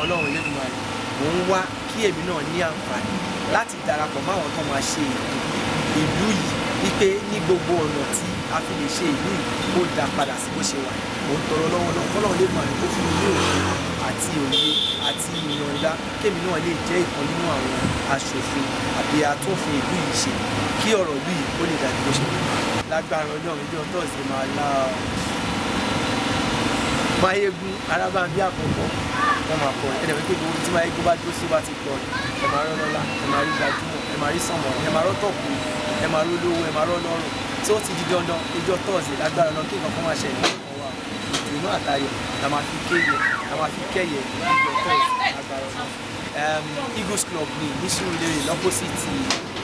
ọlọ́run Elédùmarè mò ń wá kí èmi náà ní àǹfààní láti darapọ̀ máwọn tó máa ṣe ìlú yìí wípé ní gbogbo ọ̀nà tí a fi lè ṣe ìlú yìí kó dá padà sí bó ṣe wà mò ń tọrọ lọ́wọ́ náà kọ́lọ́run Elédùmarè kó fún mi ní òfin àti òye àti ìyọ̀nda kémi náà lè jẹ́ ìkan nínú àwọn aṣòfin àbí atúnfin ìlú yìí ṣe kí ọ̀rọ̀ ìlú yìí kó lè dàbí bó ṣe wà lágbára ọjọ́ ìjọ tọ́sí máa lá máyégún arábàbí àkọ́kọ́ wọ́n máa kọ ẹ̀dẹ̀ wípé gbogbo tí wáyé gbogbo bá dúró sí bá ti kọ ẹ̀ máa rọ́ lọ́la ẹ̀ máa rí gbajúmọ̀ ẹ̀ máa rí sànmọ̀ ẹ̀ máa rọ́ tọ̀kù ẹ̀ máa rọ́ lówó ẹ̀ máa rọ́ lọ́rùn tí ó ti di dandan ọjọ́ tọ́ọ̀sì lágbára náà kí nǹkan kan máa ṣẹlẹ̀ ọ̀kan wa ìdùnnú àtayọ̀ la máa fi kéyẹ la máa fi kẹ́yẹ ọjọ́ tọ́ọ̀sì lágbára náà Eagles Club ni nísìrò lérè lọ́pọ̀sìtì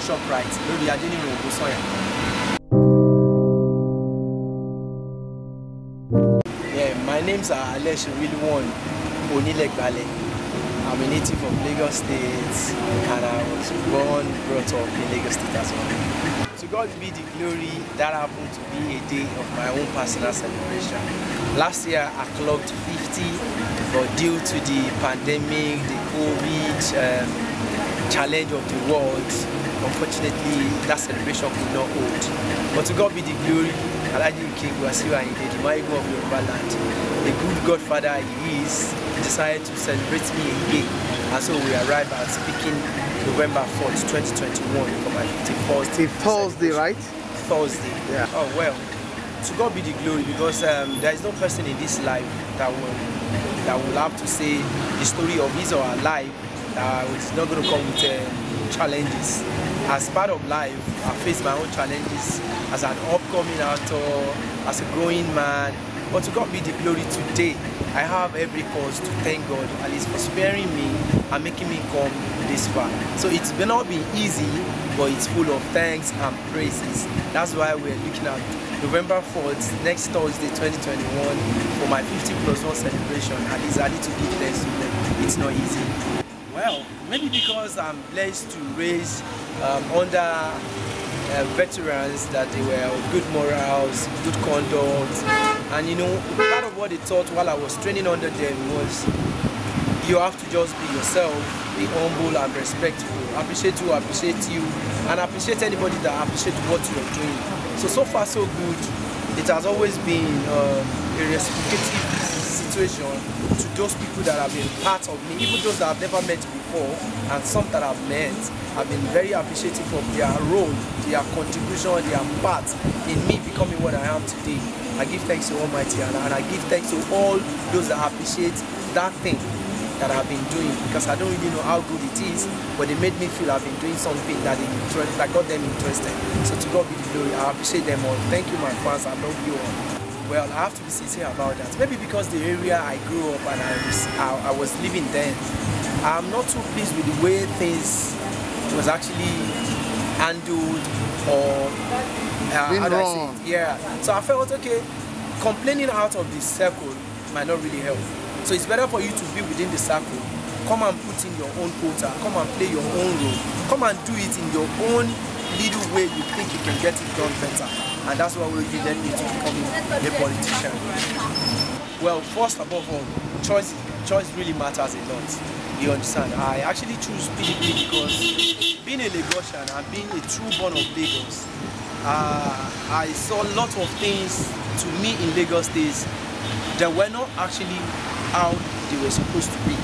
Shoprite lórí adẹ́nirò ògbósọ̀yà My name is Alex Wilwon. Onilekbale. I'm a native of Lagos State and I was born, brought up in Lagos State as well. To God be the glory, that happened to be a day of my own personal celebration. Last year I clocked 50, but due to the pandemic, the COVID um, challenge of the world, unfortunately that celebration could not hold. But to God be the glory, Alhaji Ikegbu Asiu Ayinde, the Maigo of Yoruba the good godfather he is, decided to celebrate me again. And so we arrived at speaking November 4th, 2021 for my 51st. It's Thursday, right? Thursday. Yeah. Oh, well, to God be the glory because um, there is no person in this life that will that will have to say the story of his or her life that is not going to come with uh, challenges. As part of life, I face my own challenges as an upcoming actor, as a growing man, but to God be the glory today. I have every cause to thank God at least for sparing me and making me come this far. So it's may not be easy, but it's full of thanks and praises. That's why we're looking at November 4th, next Thursday 2021, for my 50 plus 1 celebration. and it's I to give thanks to them. It's not easy. Well, maybe because I'm blessed to raise um, under uh, veterans that they were of good morals, good conduct. And you know, part of what they taught while I was training under them was you have to just be yourself, be humble and respectful. Appreciate you, appreciate you and appreciate anybody that appreciates what you're doing. So, so far so good. It has always been uh, a reciprocative situation to those people that have been part of me, even those that I've never met before and some that I've met. I've been very appreciative of their role, their contribution, their part in me becoming what I am today. I give thanks to Almighty and, and I give thanks to all those that appreciate that thing that I've been doing because I don't really know how good it is, but they made me feel I've been doing something that interest, that got them interested. So to God be the glory. I appreciate them all. Thank you, my fans. I love you all. Well, I have to be sincere about that. Maybe because the area I grew up and I was, I, I was living then, I'm not too pleased with the way things it was actually handled or uh, Been how do wrong. I say yeah. So I felt okay, complaining out of the circle might not really help. So it's better for you to be within the circle. Come and put in your own quota. Come and play your own role. Come and do it in your own little way you think you can get it done better. And that's why we really need to become a politician. Well, first above all, choice, choice really matters a lot. You understand? I actually choose PDP because being a Lagosian and being a true born of Lagos, uh, I saw a lot of things to me in Lagos days that were not actually how they were supposed to be.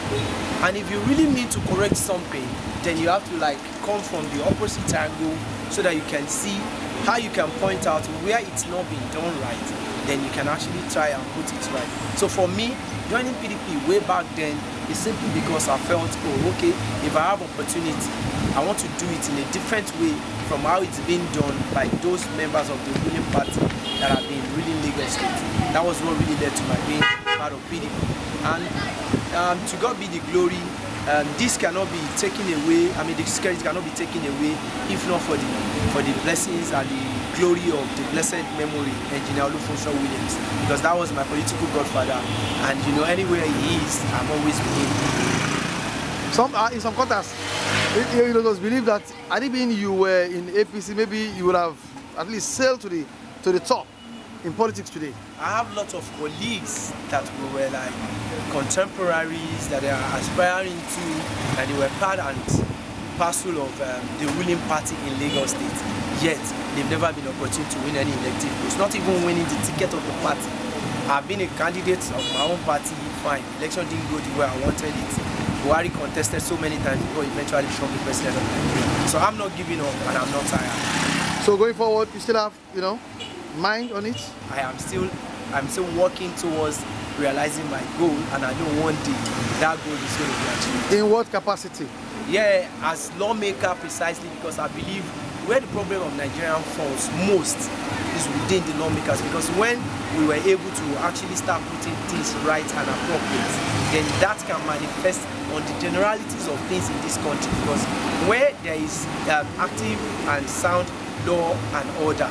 And if you really need to correct something, then you have to like come from the opposite angle so that you can see how you can point out where it's not being done right then you can actually try and put it right. So for me, joining PDP way back then is simply because I felt, oh, okay, if I have opportunity, I want to do it in a different way from how it's been done by those members of the ruling party that have been ruling Lagos State. That was what really led to my being part of PDP. And um, to God be the glory, um, this cannot be taken away, I mean, the security cannot be taken away if not for the, for the blessings and the glory of the blessed memory Engineer Olufunso Williams because that was my political godfather and you know anywhere he is I'm always with him. Some, uh, in some quarters, you, know, just believe that had it been you were in APC maybe you would have at least sailed to the, to the top in politics today? I have lots of colleagues that were like contemporaries that they are aspiring to, that they were part and parcel of um, the ruling party in Lagos State. yet they've never been opportune to win any elective post, not even winning the ticket of the party. I've been a candidate of my own party, fine. Election didn't go the way I wanted it. Buhari contested so many times before eventually become the president of Nigeria. So I'm not giving up and I'm not tired. So going forward, you still have, you know, mind on it? I am still I'm still working towards realizing my goal and I know one day that goal is going to be achieved. In what capacity? Yeah, as lawmaker precisely because I believe where the problem of Nigerian falls most is within the lawmakers because when we were able to actually start putting things right and appropriate, then that can manifest on the generalities of things in this country because where there is um, active and sound law and order,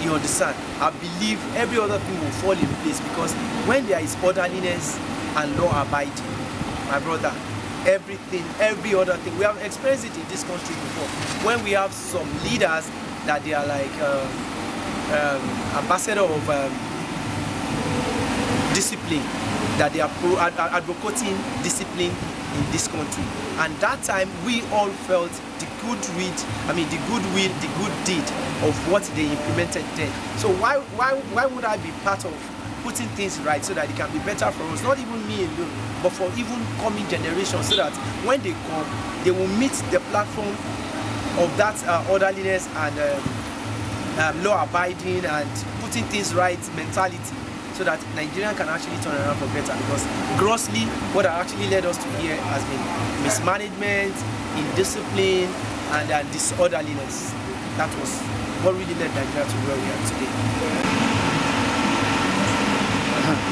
you understand, I believe every other thing will fall in place because when there is orderliness and law abiding, my brother, everything, every other thing. We have experienced it in this country before. When we have some leaders that they are like um, um, ambassador of um, discipline, that they are ad advocating discipline in this country. And that time we all felt the good read, I mean the will, the good deed of what they implemented then. So why, why, why would I be part of putting things right so that it can be better for us, not even me alone, but for even coming generations so that when they come, they will meet the platform of that uh, orderliness and um, um, law abiding and putting things right mentality so that Nigerian can actually turn around for better because grossly what actually led us to here has been mismanagement, indiscipline and uh, disorderliness. That was what really led Nigeria to where we are today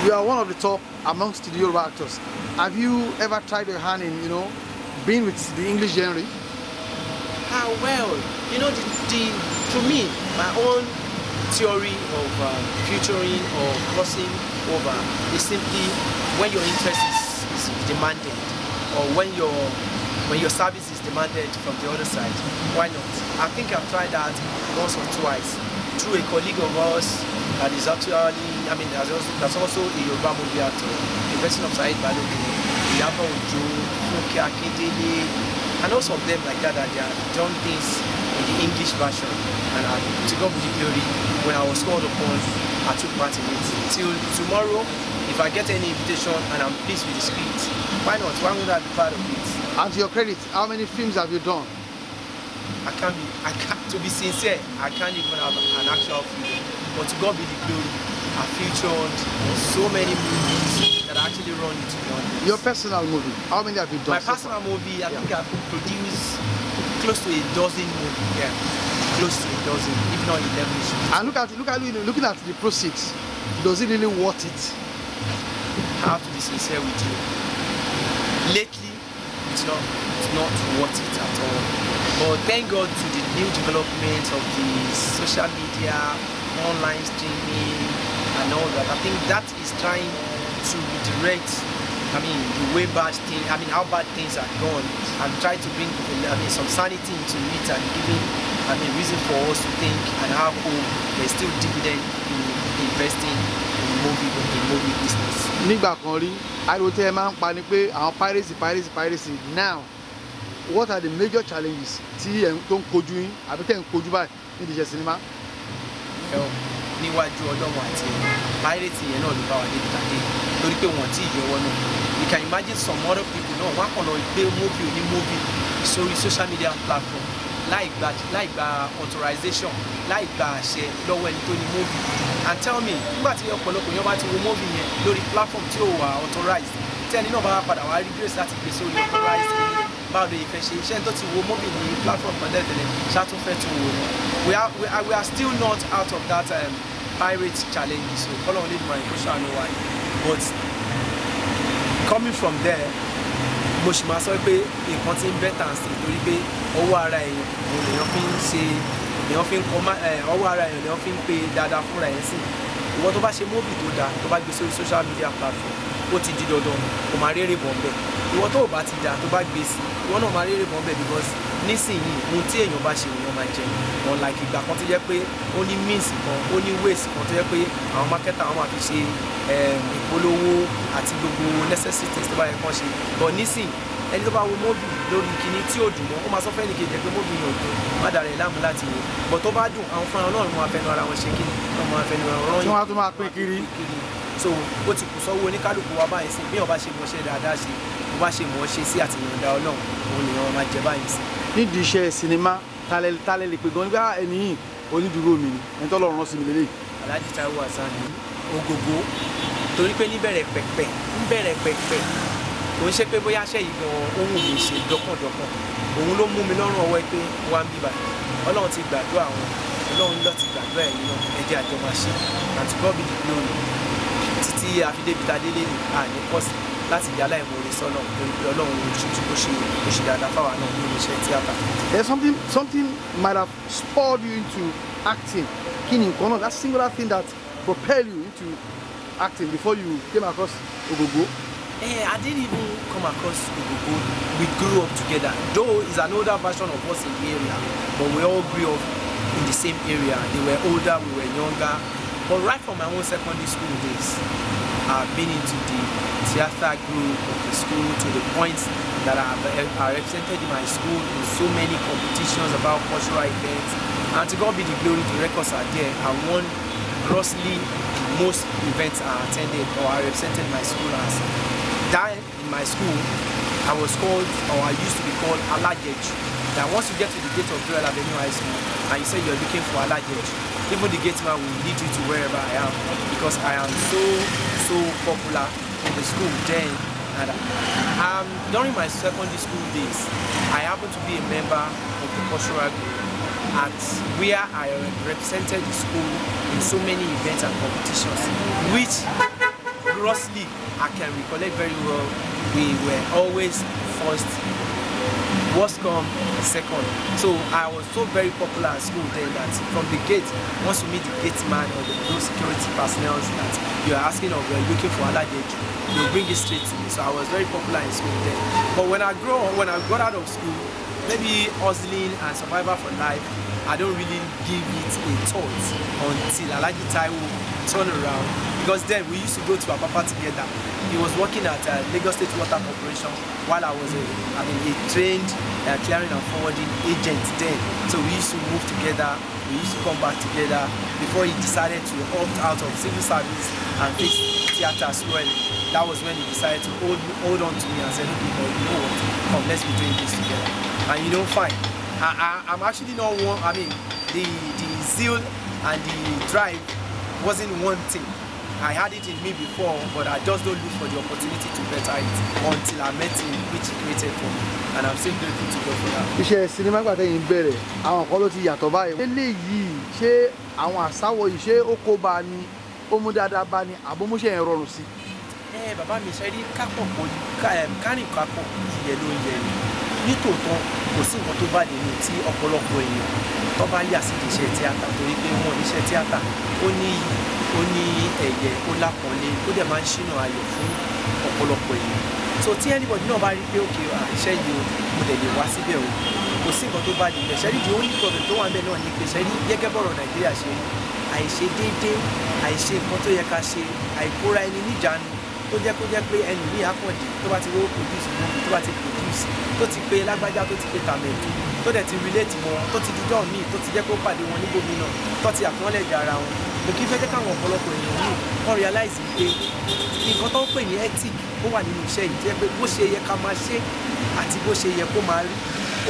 you are one of the top amongst the Yoruba actors. Have you ever tried your hand in, you know, being with the English genre? Ah, well, you know, the, the to me, my own theory of uh, um, featuring or crossing over is simply when your interest is, is demanded or when your when your service is demanded from the other side. Why not? I think I've tried that once or twice through a colleague of ours and is actually, I mean, there's also, there's also a Yoruba movie actor, the person of Said Balogun, Iyaba Ojo, Funke Akindele, and also of them like that, that they have done things in the English version. And I, to go with the glory, when I was called upon, I took part in it. Till tomorrow, if I get any invitation and I'm pleased with the script, why not? Why would I be part of it? And to your credit, how many films have you done? I can't be, I can't, to be sincere, I can't even have an actual film. But God be the glory. I featured so many movies that I actually run into one. Your personal movie? How many have you done? My so personal far? movie, I yeah. think I've produced close to a dozen movies. Yeah. Close to a dozen, if not eleven. And look at look at looking at the proceeds. Does it really worth it? I have to be sincere with you. Lately, it's not it's not worth it at all. But thank God to the new development of the social media online streaming and all that. I think that is trying to redirect I mean, the way bad things, I mean, how bad things are gone, and try to bring I mean, some sanity into it and giving, I mean, reason for us to think and have hope there's still dividend in investing in movie, in movie business. Nígbà kan rí, ariwo tẹ́ ẹ máa ń piracy piracy piracy now what are the major challenges See, don't tó ń kojú yín àbí tẹ̀ ń kojú báyìí nídìí fẹ́ ọ níwájú ọlọ́run àti pirate yẹn náà ló bá wa débi tàdé torí pé wọ́n ti yọwọ́ náà you can imagine some other people náà wọ́n á kàn lọ gbé movie oní movie sórí social media platform láì gba láì gba authorization láì gba àṣẹ lọ́wọ́ ẹni tó ní movie and tell me nígbà tí ọ̀pọ̀lọpọ̀ yẹn bá ti wo movie yẹn lórí platform tí ò wà authorized tí ẹni náà bá padà wá rí grace láti gbé sórí authorized báwo ló yẹ fẹ́ ṣe iṣẹ́ tó ti wo mobile ní platform kan tẹ́lẹ̀tẹ́lẹ̀ ṣáà tún fẹ́ tún ni we are we are we are still not out of that um, pirate challenge so kọ́lọ́hún lè mọ ìkóṣù àánú wa yìí but coming from there mo sì máa sọ pé nǹkan ti ń bẹ́tà sí torí pé ọwọ́ ara èèyàn òun lèèyàn fi ń ṣe èèyàn fi ń kọ́ eh, ọwọ́ ara èèyàn lèèyàn fi ń pe dáadáa fúnra ẹ̀ sí ìwọ tó bá ṣe móbì tó dáa tó bá gbé sórí social media platform ó ti di dandan kò máa rérè bọ̀ bẹ́ẹ̀ ìwọ tó o bá ti dà tó bá gbé sí ìwọ náà máa rérè bọ̀ bẹ́ẹ̀ because nísìnyí ohun tí èèyàn bá ṣe èèyàn máa jẹ wọn like ìgbà kan tó jẹ́ pé ó ní means kan ó ní ways kan tó jẹ́ pé àwọn marketer wọn máa fi ṣe ehm, ìpolówó àti gbogbo necessities tó bá yẹ kán ṣe but nísìnyí ẹni tó bá wo mọ́bì lórí kìíní tí ò dùn mọ́ ó máa sọ fẹ́ni kejì pé mọ́bì yẹn ò dùn má dàrẹ̀ láàmú láti wò bọ̀ tó bá dùn àwọn fúnra ọlọ́run máa fẹnu ara wọn ṣe kí ni wọ́n máa fẹnu ara wọn yìí. tí wọ́n á tún máa pín kiri so ó ti kù sọ́wọ́ oníkálukú wa báyìí sí bí wọ́n bá ṣe mọ̀ọ́ṣẹ́ dáadáa ṣe bó bá ṣe mọ̀ọ́ṣẹ́ sí àti ìyọ̀ǹda ọlọ́run òun nìyẹn wọn máa jẹ báyìí sí. nídìí iṣẹ́ sinimá talẹ̀ lè pè gan nígbà ah, ẹni yìí onídùúró mi ni ẹni tọ́lọ́run rán sí mi lélẹ́yìí. Alhaji Taiwo Hasan Ogogo torí pé níbẹ̀rẹ̀ pẹ̀pẹ̀ níbẹ̀rẹ̀ pẹ̀pẹ̀ kò ń ṣe pé bóyá aṣẹ́ yìí gan ohun mi ṣe dọ́kàndọ́kàn òun ló mú mi lọ́rùn ọwọ́ pé wá ń bíbà ọlọ́run ti gbàdúrà wọn ọlọ́run ló ti gbàdúrà ẹ̀yìn náà ẹ̀jẹ̀ àjọ máa ṣe àti àfidébitadélé ni àní pọ̀ sí láti di aláìmoore sọ́nà lórí ọlọ́run tuntun tó ṣe tó ṣe dáadáa fáwa náà lórí iṣẹ́ tíátà. there's something something might have spurred you into acting kí ni nǹkan náà that singular thing that propelled you into acting before you came across Ogogo? Eh, I didn't even come across Ogogo. We grew up together. Though he's an older version of us in the area, but we all grew up in the same area. They were older, we were younger. But right from my own secondary school days, I've been into the theater group of the school to the point that I have eh, represented my school in so many competitions about cultural events. And to God be the glory, the records are there. I won grossly most events I attended or I represented my school as. That in my school, I was called or I used to be called Alajeju. That once you get to the gate of Royal Avenue High School and you say you're looking for Alajeju, even the gate man will lead you to wherever I am because I am so so popular in the school then. And um, during my secondary school days, I happened to be a member of the cultural group at where I represented the school in so many events and competitions, which grossly I can recollect very well, we were always first Worst come second. So I was so very popular at school then that from the gate, once you meet the gate man or the, those security personnel that you are asking or you're looking for Aladeju, they'll bring it straight to me. So I was very popular in school then. But when I grow, when I got out of school, maybe hustling and survival for life, I don't really give it a thought until Alhaji Taiwo turn around because then we used to go to Apapa together. He was working at uh, Lagos State Water Corporation while I was a, I mean, a trained uh, clearing and forwarding agent then. So we used to move together, we used to come back together before he decided to opt out of civil service and fix theater as well. That was when he decided to hold, hold on to me and said, okay, well, you know what, come, let's be doing this together. And you know, fine. I, I, I'm actually not one, I mean, the, the zeal and the drive wasn't one thing. I had it in me before, but I just don't look for the opportunity to better it until I met him, which he created for me. And I'm still grateful to God for that. Iṣẹ́ sinimá gbàtẹ́ yìí ń bẹ̀rẹ̀, àwọn nǹkan ló ti yàtọ̀ báyìí. Eléyìí ṣé àwọn àsáwọ̀ yìí ṣé ó kó bá ni, ó mú dáadáa bá ni, àbómúṣe yẹn rọrùn sí. Ẹ eh, bàbá mi ṣe rí kápọ̀ kó kárìn kápọ̀ ìyẹn ló ń yẹ ni nítòótọ́ kò sí nǹkan tó bá lè ní tí ọ̀pọ̀lọpọ̀ èèyàn tó bá yà sí iṣẹ́ tíátà torí pé wọn iṣẹ́ tíátà ó ní ó ní ẹ̀yẹ ó lápọ̀nlé ó dẹ̀ máa ń ṣínà ayọ̀ fún ọ̀pọ̀lọpọ̀ èèyàn so tí anybody náà bá rí pé òkè iṣẹ́ yìí mo dẹ̀ lè wá síbẹ̀ o kò sí nǹkan tó bá lè ṣẹ́rí di only problem tó wà ń bẹ̀ náà ni pé ṣẹ́rí gẹ́gẹ́ bọ̀rọ̀ nàìjíríà ṣe rí àìṣe déédéé àìṣe nǹkan tó yẹ ká ṣe àìkóra ẹni níjàánu tó jẹ́ kó jẹ́ pé ẹni mi àkàndì tó bá ti wọ́n produce movie tó bá ti pè news tó ti pé lágbájá tó ti pé tàmẹ̀dù tó dẹ̀ ti relate mọ́ tó ti dídọ́ míì tó ti jẹ́ pé ó pàdé wọn níbòmí náà tó ti àpọ́nlẹ̀ jẹ ara wọn mo kí n fẹ́ jẹ́ káwọn ọ̀pọ̀lọpọ̀ èèyàn yìí kọ́ realize pé nǹkan tó ń pè ní ethic ó wà nínú iṣẹ́ yìí jẹ́ pé bó ṣe yẹ ká máa ṣe àti bó ṣe yẹ kó máa rí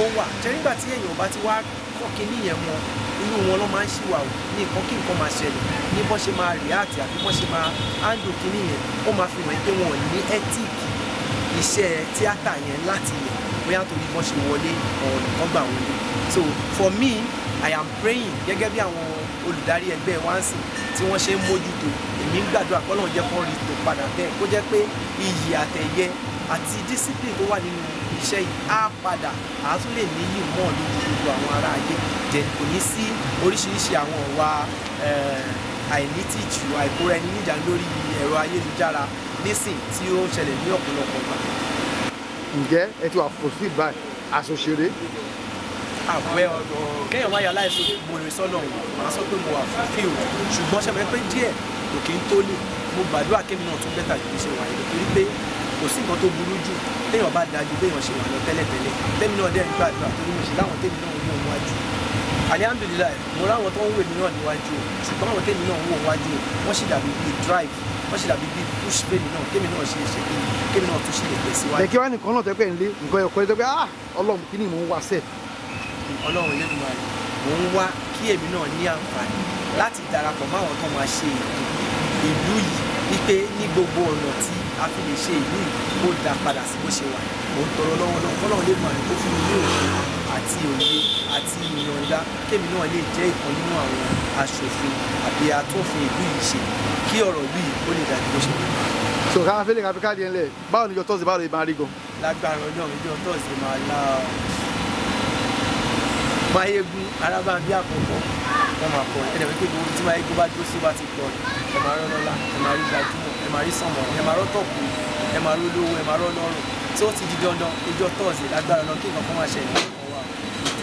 ó wà jẹ́ nígbà tí èèyàn bá ti wá kọ́ kínní yẹn mọ irú wọn ló máa ń ṣìwà ò ní nǹkan kí nǹkan máa ṣẹlẹ̀ ní bọ́n ṣe máa react àbí bọ́n ṣe máa handle kínní yẹn ó máa fi hàn pé wọn ò ní ethic iṣẹ́ tíátà yẹn láti ilẹ̀ bóyá torí wọ́n ṣe wọlé ọ̀rọ̀ kan gbà wọlé so for me i am praying gẹ́gẹ́ bí àwọn olùdarí ẹgbẹ́ wáǹsì tí wọ́n ṣe ń mójútó èmi ń gbàdúrà kọ́ lóun jẹ́ kó rí tó padà bẹ́ẹ̀ kó jẹ́ pé iyì àtẹ̀yẹ àti discipline tó wà nínú iṣẹ́ yìí á padà àá tún lè níyì mọ́ lójú gbogbo àwọn ará ayé jẹ́ kò ní sí oríṣiríṣi àwọn ọ̀wà eh, àìnítìjú àìkóra ẹni níjà lórí ẹ̀rọ ayélujára nísìn tí ó ń ṣẹlẹ̀ ní ọ̀pọ̀lọpọ̀ gbà. ǹjẹ́ ẹ ti wà fòsí báyìí àṣòṣeré. àpẹ ah, ọ̀dọ̀ kẹ́yìn wáyà aláìsàn mo rè sọ́nà màá sọ pé mo wà fún fíìmù ṣùgbọ́n ṣe pé díẹ̀ kò kí n tó lè mo gbàdúrà kémi náà tún bẹ́tà jù ṣe wà yẹn torí pé kò sí nǹkan tó burú jù téèyàn bá dájú béèyàn ṣe wà lọ tẹ́lẹ̀tẹ́lẹ̀ tẹ́mi náà dẹ́rìn gbàdúrà torí mo ṣe láwọn tẹ́mi náà mú òun wájú alihamdulilayi mo ráwọn tó ń wè mí náà níwájú o ṣùgbọ́n àwọn tèmi náà ń wò wájú o wọ́n sì dàbí bíi drive wọ́n sì dàbí bíi push pé mi náà kémi náà ṣe é ṣe kí kémi náà tún ṣe lè tẹ̀ síwájú. lẹ́kí wá nìkan náà tẹ́pẹ́ ńlé nǹkan ẹ̀kọ́ tẹ́pẹ́ ah ọlọ́run kí ni mò ń wá sẹ́ẹ̀. ọlọ́run ilé ìgbìmọ̀ rẹ̀ mò ń wá kí èmi náà ní àǹfààní láti darapọ̀ máwọn tó máa ṣe ìlú yìí wípé ní gbogbo ọ̀nà tí a fi lè ṣe ìlú yìí kó dá padà sí bó ṣe wà mò ń tọrọ lọ́wọ́ náà kọ́lọ́run lè mọ̀ àrùn tó fún mi ní òṣèlú àti òye àti ìyọ̀nda kémi náà lè jẹ́ ìkan nínú àwọn aṣòfin àbí atọ́fin ìlú yìí ṣe kí ọ̀rọ̀ yìí ó lè dàbí bó ṣe lè. so káwọn fẹlẹ káfíńkà káàdì ẹ ńlẹ báwo ni ìjọ tọ́sí báwo lè máa rí gan. lágbára Ọlọ́run ìjọ tọ́sí máa la máyégún arábá bí àkọ́kọ́ wọn máa kọ ẹ dẹ̀bẹ́ pé gbogbo tí máyégún bá dúró sí bá ti kọ ẹ máa rọ́ lọ́la ẹ máa rí gbajúmọ̀ ẹ máa rí sànmọ́ ẹ máa rọ́ tọ̀kù ẹ máa rọ́ ẹ máa rọ́ lọ́rùn tí ó ti di dandan ìjọ tọ́sí lágbára Ọlọ́run kí nǹkan kan máa ṣẹlẹ̀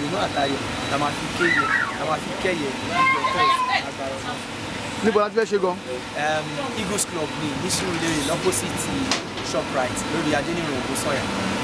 ìdùnnú àtayọ̀ la máa fi kéyẹ la máa fi kẹ́yẹ ìgbẹ́ tọ́sí agbára ọlọ́run. níbo la ti fẹ́ ṣe gan. Eagles Club ni nísìrò lérè lọ́pọ̀sìtì Shoprite lórí adé nírun ògbó sọ̀yà.